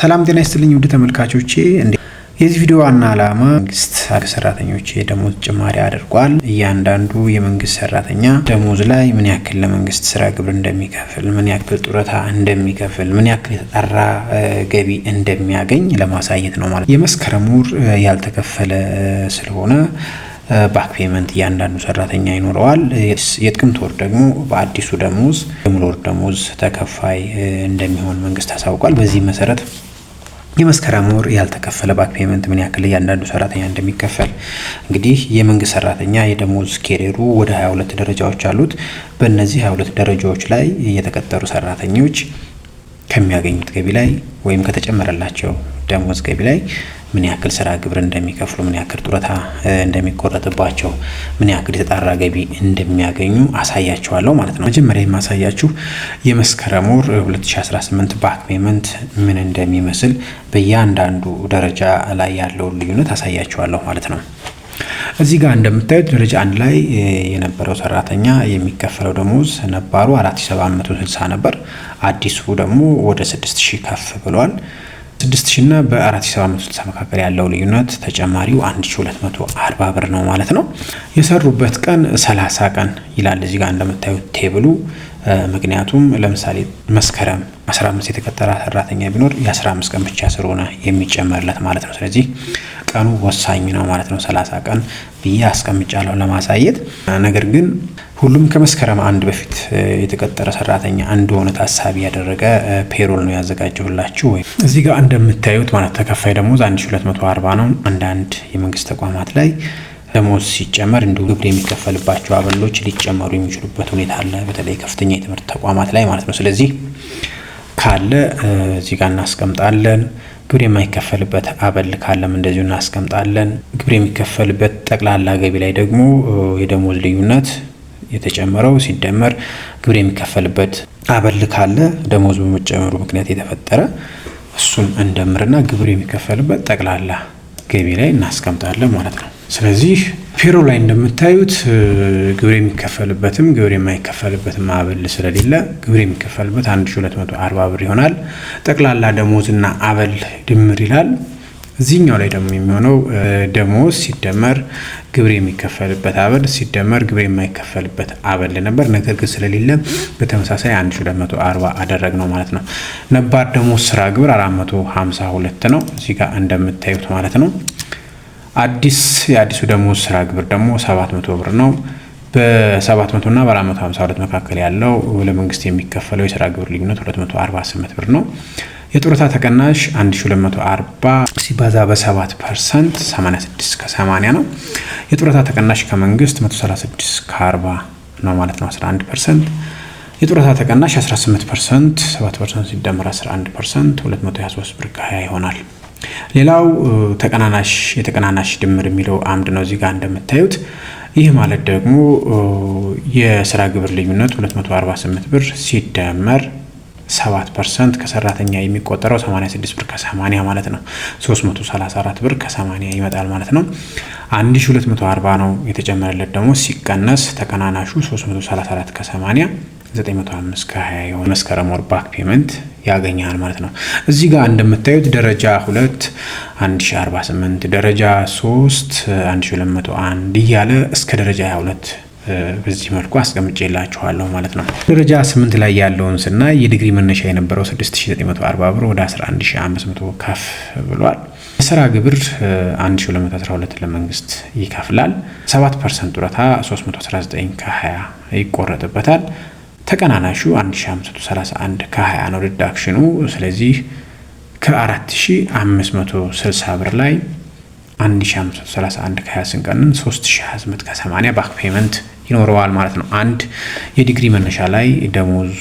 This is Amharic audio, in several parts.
ሰላም ጤና ይስጥልኝ ውድ ተመልካቾቼ። የዚህ ቪዲዮ ዋና ዓላማ መንግስት ሰራተኞች የደሞዝ ጭማሪ አድርጓል። እያንዳንዱ የመንግስት ሰራተኛ ደሞዝ ላይ ምን ያክል ለመንግስት ስራ ግብር እንደሚከፍል፣ ምን ያክል ጡረታ እንደሚከፍል፣ ምን ያክል የተጠራ ገቢ እንደሚያገኝ ለማሳየት ነው ማለት። የመስከረም ወር ያልተከፈለ ስለሆነ ባክ ፔመንት እያንዳንዱ ሰራተኛ ይኖረዋል። የጥቅምት ወር ደግሞ በአዲሱ ደሞዝ የሙሉ ወር ደሞዝ ተከፋይ እንደሚሆን መንግስት አሳውቋል። በዚህ መሰረት የመስከረም ወር ያልተከፈለ ባክ ፔመንት ምን ያክል እያንዳንዱ ሰራተኛ እንደሚከፈል እንግዲህ የመንግስት ሰራተኛ የደሞዝ ኬሬሩ ወደ 22 ደረጃዎች አሉት። በእነዚህ 22 ደረጃዎች ላይ የተቀጠሩ ሰራተኞች ከሚያገኙት ገቢ ላይ ወይም ከተጨመረላቸው ደሞዝ ገቢ ላይ ምን ያክል ስራ ግብር እንደሚከፍሉ፣ ምን ያክል ጡረታ እንደሚቆረጥባቸው፣ ምን ያክል የተጣራ ገቢ እንደሚያገኙ አሳያችኋለሁ ማለት ነው። መጀመሪያ የማሳያችሁ የመስከረም ወር 2018 ባክ ፔመንት ምን እንደሚመስል በእያንዳንዱ ደረጃ ላይ ያለውን ልዩነት አሳያችኋለሁ ማለት ነው። እዚህ ጋር እንደምታዩት ደረጃ አንድ ላይ የነበረው ሰራተኛ የሚከፈለው ደሞዝ ነባሩ 4760 ነበር። አዲሱ ደግሞ ወደ 6000 ከፍ ብሏል። 6000 እና በ4760 መካከል ያለው ልዩነት ተጨማሪው 1240 ብር ነው ማለት ነው። የሰሩበት ቀን 30 ቀን ይላል እዚህ ጋር እንደምታዩት ቴብሉ። ምክንያቱም ለምሳሌ መስከረም 15 የተቀጠረ ሰራተኛ ቢኖር የ15 ቀን ብቻ ስለሆነ የሚጨመርለት ማለት ነው። ስለዚህ ቀኑ ወሳኝ ነው ማለት ነው። 30 ቀን ብዬ አስቀምጫለሁ ለማሳየት ነገር ግን ሁሉም ከመስከረም አንድ በፊት የተቀጠረ ሰራተኛ እንደሆነ ታሳቢ ያደረገ ፔሮል ነው ያዘጋጀሁላችሁ። ወይም እዚህ ጋር እንደምታዩት ማለት ተከፋይ ደሞዝ 1240 ነው። አንዳንድ የመንግስት ተቋማት ላይ ደሞዝ ሲጨመር እንዲሁ ግብር የሚከፈልባቸው አበሎች ሊጨመሩ የሚችሉበት ሁኔታ አለ፣ በተለይ ከፍተኛ የትምህርት ተቋማት ላይ ማለት ነው። ስለዚህ ካለ እዚህ ጋር እናስቀምጣለን። ግብር የማይከፈልበት አበል ካለም እንደዚሁ እናስቀምጣለን። ግብር የሚከፈልበት ጠቅላላ ገቢ ላይ ደግሞ የደሞዝ ልዩነት የተጨመረው ሲደመር ግብር የሚከፈልበት አበል ካለ ደሞዝ በመጨመሩ ምክንያት የተፈጠረ እሱን እንደምርና ግብር የሚከፈልበት ጠቅላላ ገቢ ላይ እናስቀምጣለን ማለት ነው። ስለዚህ ፔሮ ላይ እንደምታዩት ግብር የሚከፈልበትም ግብር የማይከፈልበትም አበል ስለሌለ ግብር የሚከፈልበት 1240 ብር ይሆናል። ጠቅላላ ደሞዝና አበል ድምር ይላል። እዚህኛው ላይ ደግሞ የሚሆነው ደሞዝ ሲደመር ግብር የሚከፈልበት አበል ሲደመር ግብር የማይከፈልበት አበል ነበር። ነገር ግን ስለሌለ በተመሳሳይ 1240 አደረግ ነው ማለት ነው። ነባር ደሞዝ ስራ ግብር 452 ነው እዚህ ጋር እንደምታዩት ማለት ነው። አዲስ የአዲሱ ደሞዝ ስራ ግብር ደግሞ 700 ብር ነው። በ700 እና በ452 መካከል ያለው ለመንግስት የሚከፈለው የስራ ግብር ልዩነት 248 ብር ነው። የጡረታ ተቀናሽ 1240 ሲባዛ በ7 ፐርሰንት 86 ከ80 ነው። የጡረታ ተቀናሽ ከመንግስት 136 ከ40 ነው ማለት ነው 11 ፐርሰንት። የጡረታ ተቀናሽ 18 ፐርሰንት 7 ፐርሰንት ሲደመር 11 ፐርሰንት 223 ብር ከ20 ይሆናል። ሌላው ተቀናናሽ የተቀናናሽ ድምር የሚለው አምድ ነው እዚህ ጋር እንደምታዩት ይህ ማለት ደግሞ የስራ ግብር ልዩነት 248 ብር ሲደመር 7 ፐርሰንት ከሰራተኛ የሚቆጠረው 86 ብር ከ80 ማለት ነው። 334 ብር ከ80 ይመጣል ማለት ነው። 1240 ነው የተጨመረለት ደግሞ ሲቀነስ ተቀናናሹ 334 ከ80 95 ከ20 መስከረም ወር ባክ ፔመንት ያገኛል ማለት ነው። እዚህ ጋር እንደምታዩት ደረጃ 2 1048፣ ደረጃ 3 1201 እያለ እስከ ደረጃ 22 በዚህ መልኩ አስቀምጬላችኋለሁ ማለት ነው። ደረጃ ስምንት ላይ ያለውን ስናይ የዲግሪ መነሻ የነበረው 6940 ብር ወደ 11500 ከፍ ብሏል። የስራ ግብር 1212 ለመንግስት ይከፍላል። 7 ፐርሰንት ጡረታ 319 ከ20 ይቆረጥበታል። ተቀናናሹ 1531 ከ20 ነው ዲዳክሽኑ። ስለዚህ ከ4560 ብር ላይ 1531 ከ20 ስንቀንን 3028 ከ80 ባክ ፔመንት ይኖረዋል ማለት ነው። አንድ የዲግሪ መነሻ ላይ ደሞዝ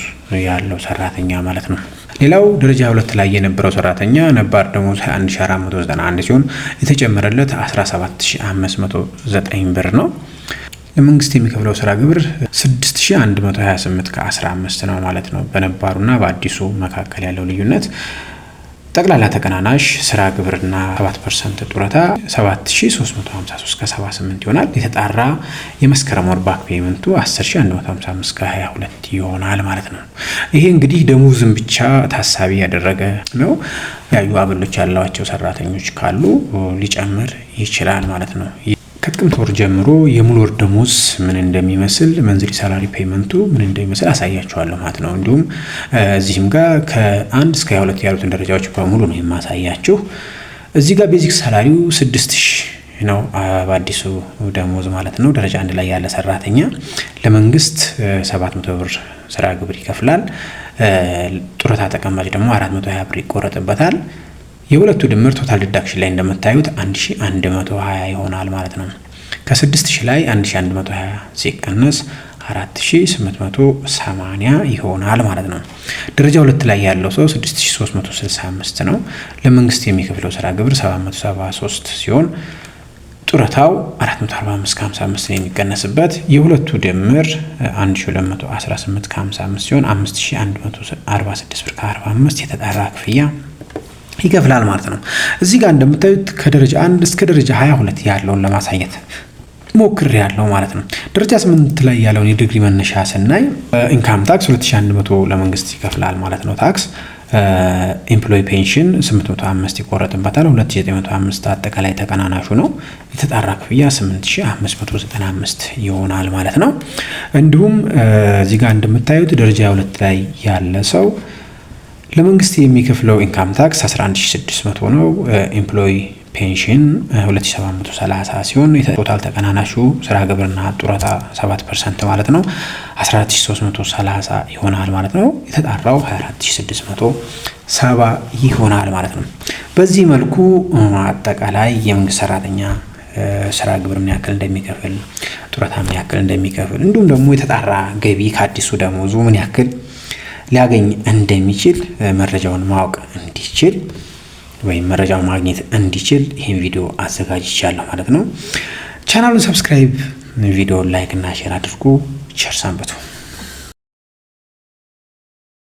ያለው ሰራተኛ ማለት ነው። ሌላው ደረጃ ሁለት ላይ የነበረው ሰራተኛ ነባር ደሞዝ 1491 ሲሆን የተጨመረለት 17509 ብር ነው። ለመንግስት የሚከፍለው ስራ ግብር 6128 ከ15 ነው ማለት ነው። በነባሩና በአዲሱ መካከል ያለው ልዩነት ጠቅላላ ተቀናናሽ ስራ ግብርና 7 ፐርሰንት ጡረታ 7353 ከ78 ይሆናል። የተጣራ የመስከረም ወር ባክ ፔመንቱ 10155 ከ22 ይሆናል ማለት ነው። ይሄ እንግዲህ ደሞዝን ብቻ ታሳቢ ያደረገ ነው። ያዩ አበሎች ያላቸው ሰራተኞች ካሉ ሊጨምር ይችላል ማለት ነው። ከጥቅምት ወር ጀምሮ የሙሉ ወር ደሞዝ ምን እንደሚመስል መንዝሪ ሳላሪ ፔይመንቱ ምን እንደሚመስል አሳያችኋለሁ ማለት ነው። እንዲሁም እዚህም ጋር ከአንድ እስከ ሁለት ያሉትን ደረጃዎች በሙሉ ነው የማሳያችሁ። እዚህ ጋር ቤዚክ ሳላሪው ስድስት ሺህ ነው በአዲሱ ደሞዝ ማለት ነው። ደረጃ አንድ ላይ ያለ ሰራተኛ ለመንግስት ሰባት መቶ ብር ስራ ግብር ይከፍላል። ጡረታ ተቀማጭ ደግሞ አራት መቶ ሀያ ብር ይቆረጥበታል። የሁለቱ ድምር ቶታል ዲዳክሽን ላይ እንደምታዩት 1120 ይሆናል ማለት ነው። ከ6000 ላይ 1120 ሲቀነስ 4880 ይሆናል ማለት ነው። ደረጃ ሁለት ላይ ያለው ሰው 6365 ነው። ለመንግስት የሚከፍለው ስራ ግብር 773 ሲሆን ጡረታው 445 ከ55 የሚቀነስበት። የሁለቱ ድምር 1218 ከ55 ሲሆን 5146 ብር ከ45 የተጣራ ክፍያ ይከፍላል ማለት ነው። እዚህ ጋር እንደምታዩት ከደረጃ አንድ እስከ ደረጃ 22 ያለውን ለማሳየት ሞክር ያለው ማለት ነው። ደረጃ ስምንት ላይ ያለውን የዲግሪ መነሻ ስናይ ኢንካም ታክስ 2100 ለመንግስት ይከፍላል ማለት ነው ታክስ ኤምፕሎይ ፔንሽን 805 ይቆረጥበታል። 2905 አጠቃላይ ተቀናናሹ ነው። የተጣራ ክፍያ 8595 ይሆናል ማለት ነው። እንዲሁም እዚህ ጋር እንደምታዩት ደረጃ ሁለት ላይ ያለ ሰው ለመንግስት የሚከፍለው ኢንካም ታክስ 11600 ነው። ኤምፕሎይ ፔንሽን 2730 ሲሆን ቶታል ተቀናናሹ ስራ ግብርና ጡረታ 7 ፐርሰንት ማለት ነው 14330 ይሆናል ማለት ነው። የተጣራው 24670 ይሆናል ማለት ነው። በዚህ መልኩ አጠቃላይ የመንግስት ሰራተኛ ስራ ግብር ምን ያክል እንደሚከፍል፣ ጡረታ ምን ያክል እንደሚከፍል እንዲሁም ደግሞ የተጣራ ገቢ ከአዲሱ ደሞዙ ምን ያክል ሊያገኝ እንደሚችል መረጃውን ማወቅ እንዲችል ወይም መረጃውን ማግኘት እንዲችል ይህን ቪዲዮ አዘጋጅቻለሁ ማለት ነው። ቻናሉን ሰብስክራይብ፣ ቪዲዮ ላይክ እና ሼር አድርጉ። ቸር ሰንብቱ።